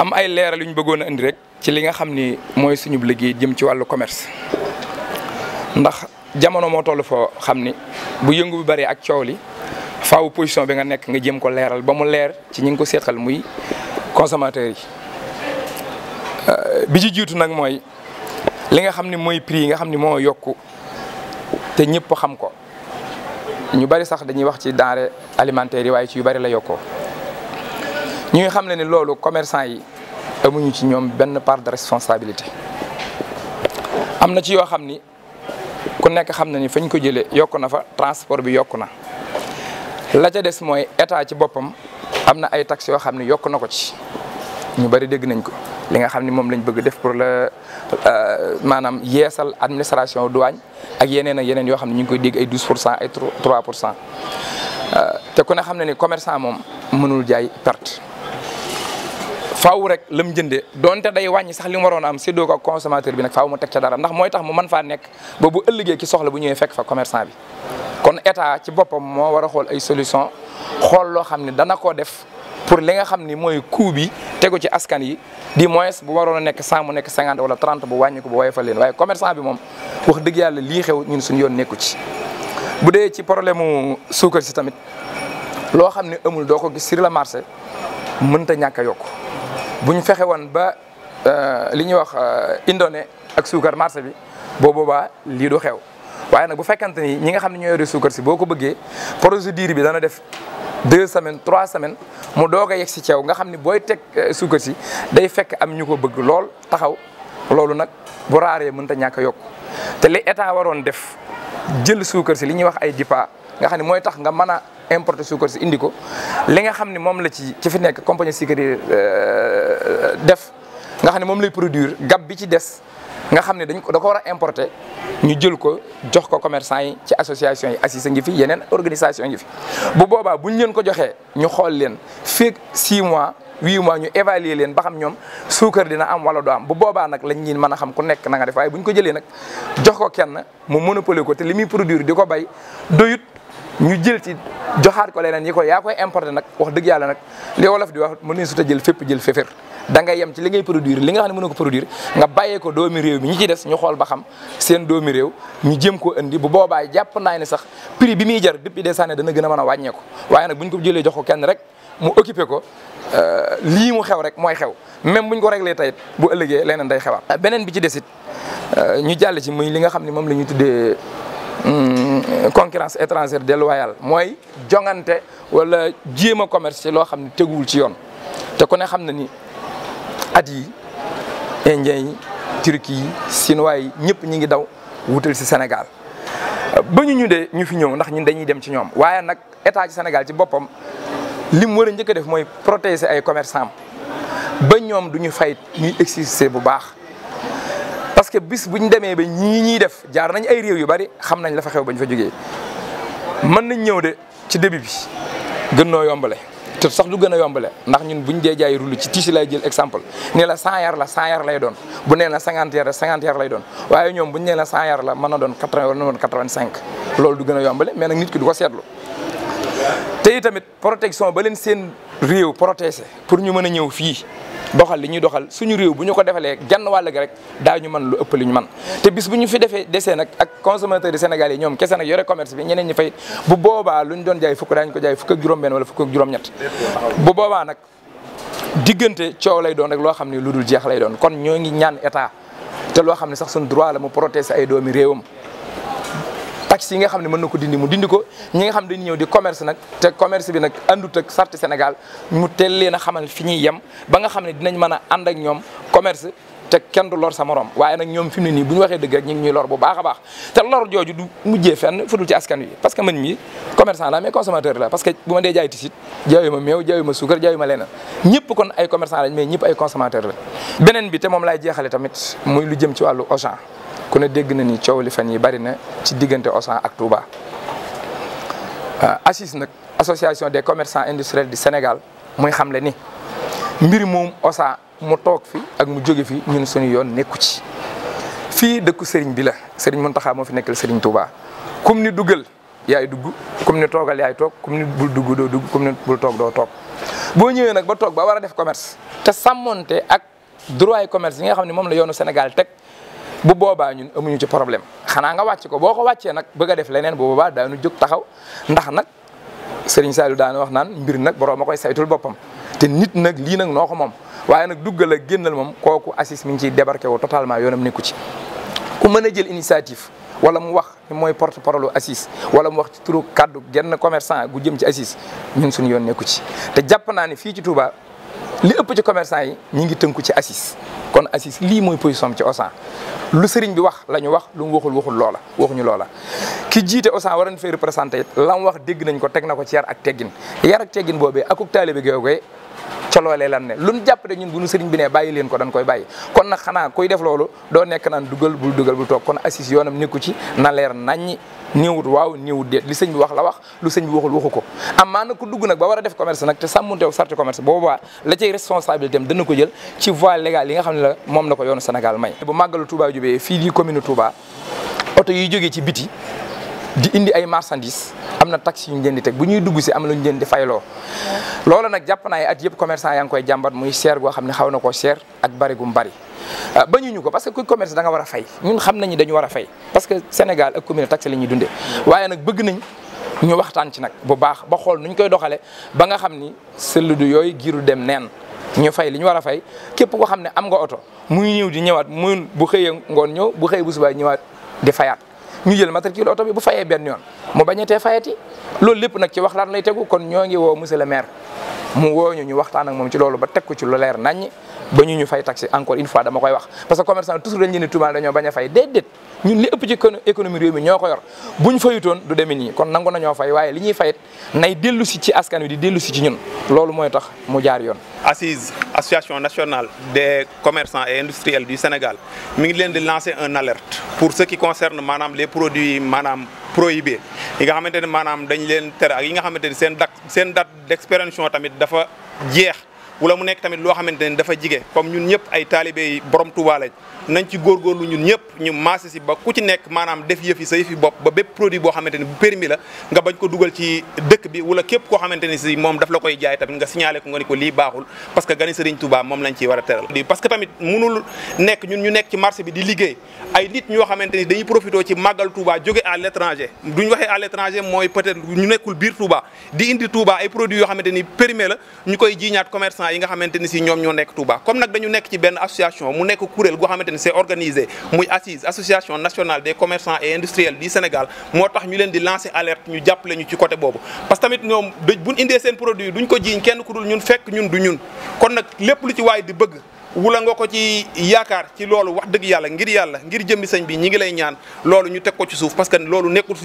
am ay leeral yu ñu bëggoon a indi rek ci li nga xam ni mooy suñu liggéey jëm ci wàllu commerce ndax jamono moo toll foo xam ni bu yëngu bi bëree ak coow li faw position bi nga nekk nga jëm ko leeral ba mu leer ci ñi ngi ko seetal muy consommateurs yi euh, bi ci jiitu nag mooy li nga xam ni mooy prix yi nga xam ni moo yokku te ñëpp xam ko ñu bari sax dañuy wax ci denrée alimentaire yi waaye ci yu bari la yokko ñu ngi xam ne ni loolu commerçant yi amuñu ci ñoom benn part de responsabilité am na ci yoo xam ni ku nekk xam na ni fañ ko jëlee yokku na fa transport bi yokk na la ca des mooy état ci boppam am na ay taxes yoo xam ne yokk na ko ci ñu bari dégg nañ ko li nga xam ni moom lañ bëgg def pour la euh, maanaam yeesal administration douane ak yeneen ak yeneen yoo xam ne ñu ngi koy dégg ay 12 pour cent ay 3 pour cent euh, te ku ne xam ne ni commerçant moom mënul jaay perte. faaw rek la mu jëndee donte day wàññi sax li mu waroon a am séddoo ko ak consommateur bi nag faaw mu teg ca dara ndax mooy tax mu man faa nekk ba bu ëllëgee ki soxla bu ñëwee fekk fa commerçant bi. kon état ci boppam moo war xool ay solution xool loo xam ne dana ko def pour li nga xam ni mooy coût bi tegu ci askan yi di moins bu waroon a nekk 100 mu nekk 50 wala 30 bu wàññi ko bu woyofal leen waaye commerçant bi moom wax dëgg yàlla lii xew ñun suñu yoon nekku ci. bu dee ci problème mu suukar si tamit loo xam ne amul doo ko gis sur le marché mënta ñàkk a yokk. bu ñu fexe woon ba euh, li ñuy wax euh, indone ak suukar marché bi boo boobaa lii du xew waaye nag bu fekkante ni ñi nga xam ne ñoo yore suukar si boo ko bëggee procédure bi dana def deux semaine trois semaines mu doog a yegg si ceew nga xam ni booy teg euh, suukar si day fekk am ñu ko bëgg lool taxaw loolu nag bu raaree mënta ñàkk a yokk te li état waroon def jël suukar si li ñuy wax ay dipa nga xam ne mooy tax nga mën a importer suukar si indi ko li nga xam ne moom la ci ci fi nekk compagnie sucrière euh, def nga xam ne moom lay produire gab bi ci des nga xam ne dañ ko da ko war a importer ñu jël ko jox ko commerçant yi ci association yi assise ngi fi yeneen organisation ngi fi bu boobaa buñ leen ko joxee ñu xool leen fii 6 mois 8 mois ñu évaluer leen ba xam ñoom suukar dina am wala du am bu boobaa nag lañ ñin mën a xam ku nekk na nga def waaye ñu ko jëlee nag jox ko kenn mu monopoliser ko te li muy produire di ko bay ñu jël ci joxaat ko leneen ñi ko yaa koy importé nag wax dëgg yàlla nag li wolof di wax mën nañ sut jël fépp jël féfér da ngay yem ci li ngay li nga xam ne mënu ko produire nga bàyyee ko doomi réew mi ñi ci des ñu xool ba xam seen doomi ñu jéem koo indi bu boobaa jàpp naa ne sax prix bi muy jar depuis des années dana gën a mën a wàññeeku waaye nag ko jëlee jox kenn rek mu occupé ko euh, lii mu xew rek mooy xew même bu ñu ko réglé tayit bu ëllëgee leneen day xewaat beneen bi ci desit euh, ñu jàll ci muy li nga xam ne moom la ñuy tuddee Hmm, concurrence étrangère déloyale mooy jongante wala jéem a commerce ci loo xam ne teguwul ci yoon te ku ne xam na ni at yi indien yi turki yi yi ñëpp ñi ngi daw wutal si Sénégal ba ñu ñu dee ñu fi ñëw ndax ñu dañuy dem ci ñoom waaye nag état ci Sénégal ci boppam li mu war a njëkk a def mooy protéger ay commerçants ba ñoom du ñu fay ñuy exister bu baax parce que bis bu ñu demee ba ñii ñuy def jaar nañ ay réew yu bari xam nañ la fa xew ba ñu fa jógee mën nañ ñëw de ci début bi gën noo yombale te sox du gën a yombale ndax ñun buñ dee jaay rulu ci tiisi lay jël exemple ne la 100 yar la 100 lay doon bu nee la 50 lay doon waaye ñoom buñ nee la 100 yar la mën na doon 80 wala na doon 85 loolu du gën a yombale mais nag nit ki du ko seetlu te itamit protection ba leen seen réew protégé pour ñu mën a ñëw fii doxal li ñuy doxal suñu réew bu ñu ko defalee genn wàll ga rek daa ñu mën lu ëpp lu ñu man te bis bu ñu fi defee desee nag ak consommateur yi Sénégal yi ñoom kese nag yore commerce bi ñeneen ñi fay bu boobaa lu ñu doon jaay fukk daañu ko jaay fukk ak juróom-benn wala fukk ak juróom-ñett bu boobaa nag diggante coow lay doon rek loo xam ne lu dul jeex lay doon kon ñoo ngi ñaan état te loo xam ne sax suñu droit la mu protéger ay doomi réewam taxes yi nga xam ne mën na ko dindi mu dindi ko ñi nga xam ne dañuy ñëw di commerce nag te commerce bi nag àndut ak sarti Sénégal mu teel leen a xamal fi ñuy yem ba nga xam ne dinañ mën a ànd ak ñoom commerce te kenn du lor sa morom waaye nag ñoom fi mu ne nii bu ñu waxee dëgg rek ñu ngi ñuy lor bu baax a baax te lor jooju du mujjee fenn fudul ci askan wi parce que man mii commerçant la mais consommateur la parce que bu ma dee jaay tisit jaayu ma meew jaayu ma suukar jaayu ma leneen ñëpp kon la beneen bi te moom laay jeexale tamit muy lu jëm ci wàllu Auchan ku ne dégg na ni coow li fan yi bari na ci diggante Auchan ak Touba. Euh, ACIS nag association des commerçants industriels du Sénégal muy xamle ni mbir moom Auchan mu toog fi ak mu jóge fi ñun suñu yoon nekku ci. fii dëkku Serigne bi la Serigne Mountakha moo fi nekkal Serigne Touba kum ni duggal yaay dugg kum ni toogal yaay toog kum ni bul dugg doo dugg kum ni bul toog doo toog. boo ñëwee nag ba toog ba war a def commerce te sàmmonte ak droit commerce yi nga xam ne la yoonu Sénégal teg. bu boobaa ñun amuñu ci problème xanaa nga wàcc ko boo ko wàccee nag bëgg a def leneen bu boobaa daanu jog taxaw ndax nag Serigne Saliou daana wax naan mbir nag borom ma koy saytul boppam te nit nag lii nag noo ko moom waaye nag duggal a génnal moom kooku assis mi ngi ciy débarqué wu totalement yoonam nekku ci ku mën a jël initiative wala mu wax mooy porte parole assis wala mu wax ci turu kaddu genn commerçant gu jëm ci assis ñun suñu yoon nekku ci te jàpp naa ne fii ci Touba li ëpp ci commerçant yi ñi ngi tënku ci assis kon assis lii mooy position ci Auchan lu sëriñ bi wax la ñu wax lu mu waxul waxul loola waxuñu loola ki jiite Auchan waran fee représenté it la wax dégg nañ ko teg na ko ci yar ak teggin yar ak teggin boobee akuk taalibe googu ca loolee lan ne luñ jàpp de ñun bu ñu sëriñ bi ne bàyyi leen ko dañ koy bàyyi kon na xanaa kuy def loolu doo nekk naan dugal bul dugal bul toog kon assise yoonam nekku ci na leer naññi néewut waaw néewut déet li sëñ bi wax la wax lu sëñ bi waxul waxu ko amaa nag ku dugg nag ba war a def commerce nag te sàmmunteew sarte commerce boobaa la cay responsabilité am dana ko jël ci voie légal yi nga xam ne la moom la ko yoonu Sénégal may bu màggalu Touba jubee fii di commune Touba oto yi jógee ci biti di indi ay marchandises am na taxes yu ñu teg bu ñuy dugg si am na lu ñu leen di fayloo loolu nag jàpp naa at yëpp commerçant yaa ngi koy jàmbat muy seer goo xam ne xaw na koo seer ak bari gum bari. Ah, bañuñu ko parce que kuy commerce da nga war a fay ñun xam nañu dañu war fay parce que Sénégal ak commune la ñuy dundee waaye nag bëgg nañ ñu waxtaan ci nag bu baax ba xool nuñ koy doxalee ba nga xam ni sëlludu yooyu giiru dem neen. ñu fay li ñu war a fay képp koo xam ne am nga oto muy ñëw di ñëwaat muy bu xëyee ngoon ñëw bu xëyee bu subaa ñëwaat di fayaat. ñu jël matricule oto bi bu fayee benn yoon mu bañatee fayati loolu lépp nag ci waxtaan lay tegu kon ñoo ngi woo monsieur le mu woo ñu ñu waxtaan ak moom ci loolu ba teg ko ci lu leer naññ ba ñu ñu fay taxi encore une fois dama koy wax parce que commerçant toujours dañ leen di dañoo bañ a fay déedéet ñun li ëpp ci économie réew mi ñoo ko yor buñ fayutoon du demee nii kon nangu nañoo fay waaye li ñuy fayit nay dellu si ci askan wi di dellu si ci ñun loolu mooy tax mu jaar yoon. assise association nationale de commerçant et industriels du Sénégal mi ngi leen di lancer un alerte pour ce qui concerne maanaam les produits maanaam prohibés yi nga xamante ne maanaam dañ leen tere ak yi nga xamante ne seen date seen date d'expiration tamit dafa jeex. wala mu nekk tamit loo xamante ne dafa jige comme ñun ñëpp ay taalibe yi borom Tuuba lañ nañ ci góorgóorlu ñun ñëpp ñu maase si ba ku ci nekk maanaam def yëf sa yëf bopp ba bépp produit boo xamante ne bu permis la nga bañ ko dugal koo xamante ne si moom daf la koy jaay tamit nga signalé ko nga ni ko a teral parce que nekk ñun ñu nekk ci liggéey nit ñoo xamante ni dañuy profité ci màggal Touba jóge à l'étranger duñ waxee à l'étranger mooy peut-être ñu nekkul biir Touba di indi Touba xamante ni périmé la ñu koy jiiñaat commerçant groupement yi nga xamante ni si ñoom ñoo nekk Touba comme nag dañu nekk ci benn association mu nekk kuréel goo xamante ni c'est organisé muy assise association nationale des commerçants et industriels du Sénégal moo tax ñu leen di lancer alerte ñu jàppale ñu ci côté boobu parce tamit ñoom du ñun kon nag lépp lu ci waay di bëgg wula nga ko ci yaakaar ci loolu wax dëgg yàlla ngir yàlla ngir jëmmi sëñ bi ñi ngi lay ñaan loolu ñu teg ko ci suuf parce loolu nekkul